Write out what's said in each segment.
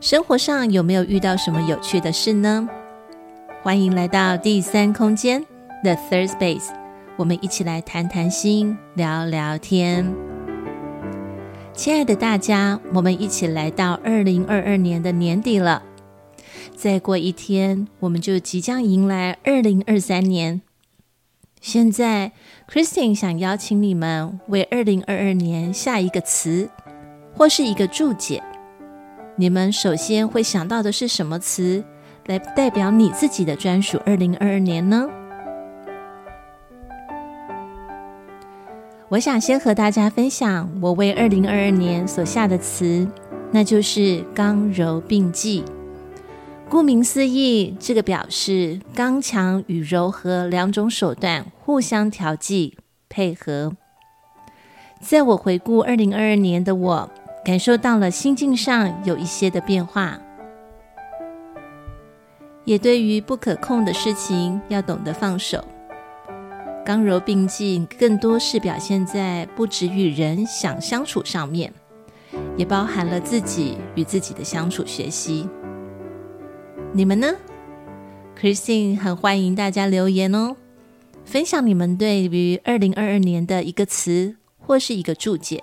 生活上有沒有遇到什麼有趣的事呢？歡迎來到第三空間，The Third Space，我們一起來談談心，聊聊天。親愛的大家，我們一起來到二零二二年的年底了，再過一天，我們就即將迎來二零二三年。現在，Christine 想邀請你們為二零二二年下一個詞，或是一個注解。你們首先會想到的是什麼詞來代表你自己的專屬二零二二年呢？我想先和大家分享我為二零二二年所下的詞，那就是“剛柔並濟”。顧名思義，這個表示剛強與柔和兩種手段互相調劑配合。在我回顧二零二二年的我，感受到了心境上有一些的變化，也對於不可控的事情要懂得放手。剛柔並濟，更多是表現在不只與人想相處上面，也包含了自己與自己的相處學習。你們呢？Christine 很歡迎大家留言哦，分享你們對於二零二二年的一個詞或是一個註解。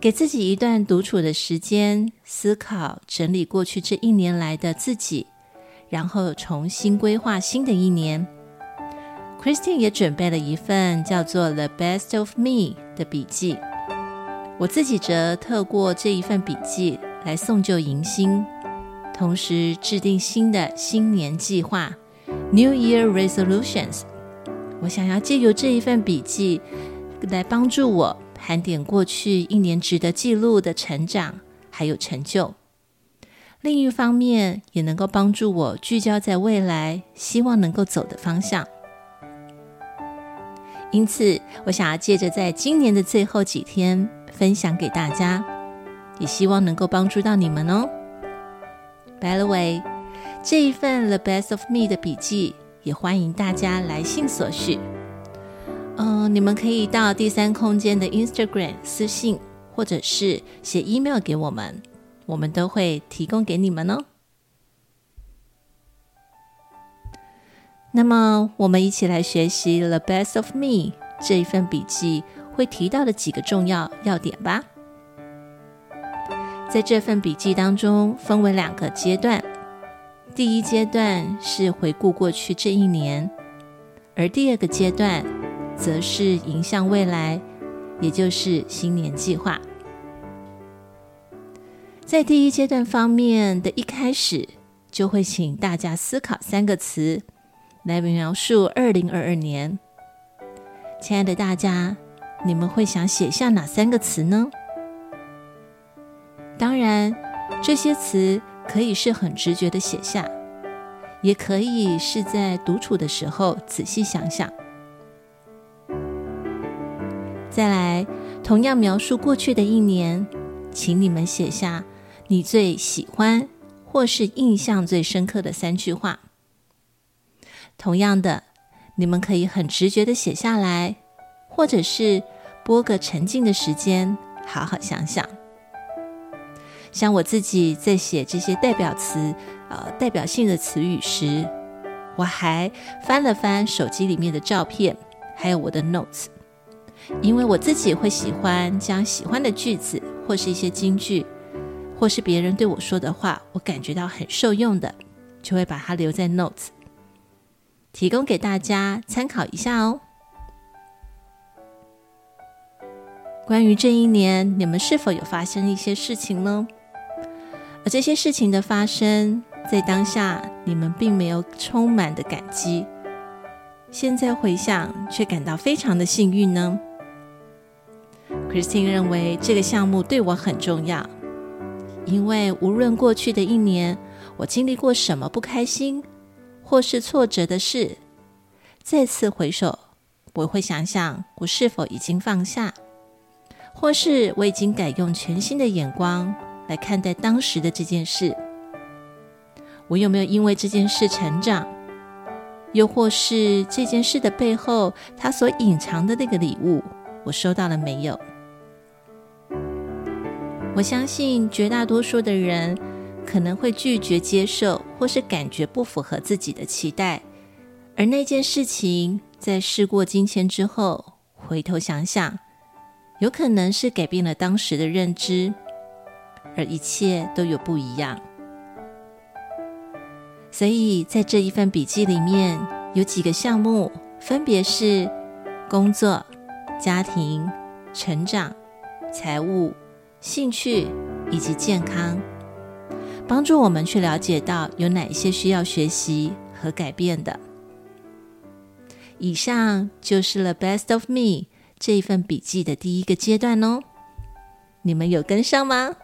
給自己一段獨處的時間，思考整理過去這一年來的自己，然後重新規劃新的一年。Christine 也準備了一份叫做《The Best of Me》的筆記，我自己則透過這一份筆記來送舊迎新，同時制定新的新年計劃 （New Year Resolutions）。我想要借由這一份筆記來幫助我。盤點過去一年值得記錄的成長還有成就，另一方面也能夠幫助我聚焦在未來希望能夠走的方向。因此，我想要借着在今年的最後幾天分享給大家，也希望能夠幫助到你們哦。By the way，這一份《The Best of Me》的筆記也歡迎大家來信索取。嗯，uh，你們可以到第三空間的 Instagram 私信，或者是寫 email 給我們，我們都會提供給你們哦。那麼，我們一起來學習《The Best of Me》這一份筆記會提到的幾個重要要點吧。在這份筆記當中，分為兩個階段。第一階段是回顧過去這一年，而第二個階段。則是迎向未來，也就是新年計劃。在第一階段方面的一開始，就會請大家思考三個詞，來描述二零二二年。親愛的大家，你們會想寫下哪三個詞呢？當然，這些詞可以是很直覺的寫下，也可以是在獨處的時候仔細想想。再來，同樣描述過去的一年，請你們寫下你最喜歡或是印象最深刻的三句話。同樣的，你們可以很直覺的寫下來，或者是撥個沉靜的時間，好好想想。像我自己在寫這些代表詞、呃，代表性的詞語時，我還翻了翻手機裡面的照片，還有我的 notes。因為我自己會喜歡將喜歡的句子，或是一些金句，或是別人對我說的話，我感覺到很受用的，就會把它留在 Notes，提供給大家參考一下哦。關於這一年，你們是否有發生一些事情呢？而這些事情的發生，在當下你們並沒有充滿的感激，現在回想卻感到非常的幸運呢？Christine 認為這個項目對我很重要，因為無論過去的一年我經歷過什麼不開心或是挫折的事，再次回首，我會想想我是否已經放下，或是我已經改用全新的眼光來看待當時的這件事。我有沒有因為這件事成長？又或是這件事的背後，它所隱藏的那個禮物，我收到了沒有？我相信絕大多數的人可能會拒絕接受，或是感覺不符合自己的期待。而那件事情在事過境遷之後，回頭想想，有可能是改變了當時的認知，而一切都有不一樣。所以在這一份筆記裡面，有幾個項目，分別是工作、家庭、成長、財務。興趣以及健康，幫助我們去了解到有哪一些需要學習和改變的。以上就是《The Best of Me》這一份筆記的第一個階段哦。你們有跟上嗎？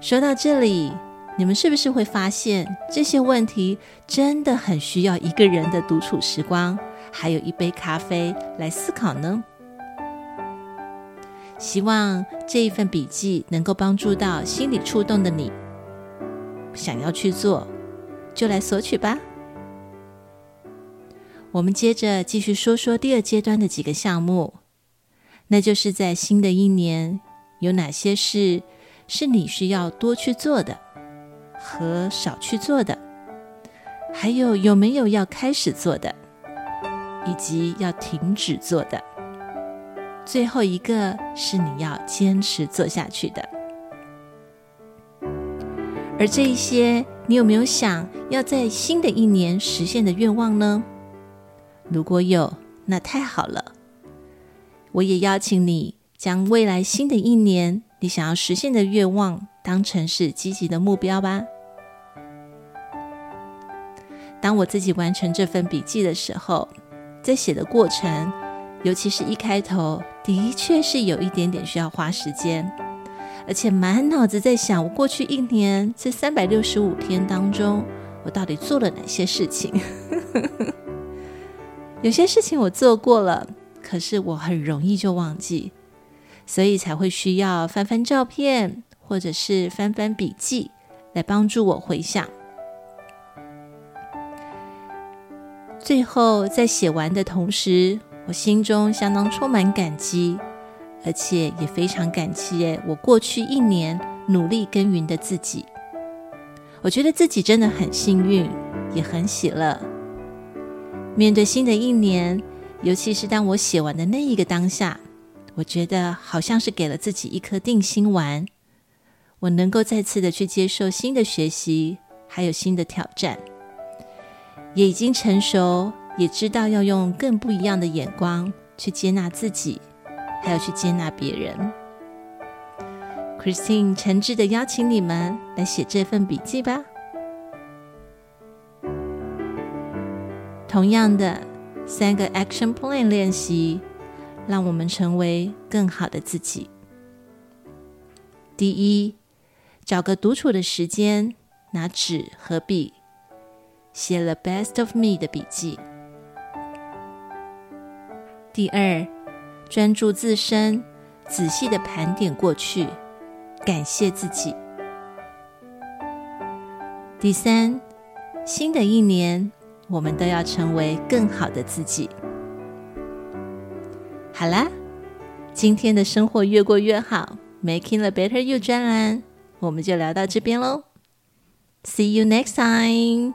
說到這裡，你們是不是會發現這些問題真的很需要一個人的獨處時光，還有一杯咖啡來思考呢？希望這一份筆記能夠幫助到心理觸動的你，想要去做，就來索取吧。我們接着繼續說說第二階段的幾個項目，那就是在新的一年，有哪些事是你需要多去做的和少去做的，還有有沒有要開始做的，以及要停止做的。最後一個是你要堅持做下去的，而這一些，你有沒有想要在新的一年實現的願望呢？如果有，那太好了。我也邀請你將未來新的一年你想要實現的願望當成是積極的目標吧。當我自己完成這份筆記的時候，在寫的過程。尤其是一開頭，的確是有一點點需要花時間，而且滿腦子在想：我過去一年這三百六十五天當中，我到底做了哪些事情？ 有些事情我做過了，可是我很容易就忘記，所以才會需要翻翻照片，或者是翻翻筆記，來幫助我回想。最後在寫完的同時，我心中相當充滿感激，而且也非常感激我過去一年努力耕耘的自己。我覺得自己真的很幸運，也很喜樂。面對新的一年，尤其是當我寫完的那一個當下，我覺得好像是給了自己一顆定心丸。我能夠再次的去接受新的學習，還有新的挑戰，也已經成熟。也知道要用更不一樣的眼光去接納自己，還要去接納別人。Christine 誠摯的邀請你們來寫這份筆記吧。同樣的三個 Action Plan 練習，讓我們成為更好的自己。第一，找個獨處的時間，拿紙和筆，寫 The Best of Me 的筆記。第二，專注自身，仔細地盤點過去，感謝自己。第三，新的一年，我們都要成為更好的自己。好啦，今天的生活越過越好，Making the Better You 專欄，我們就聊到這邊嘍。See you next time.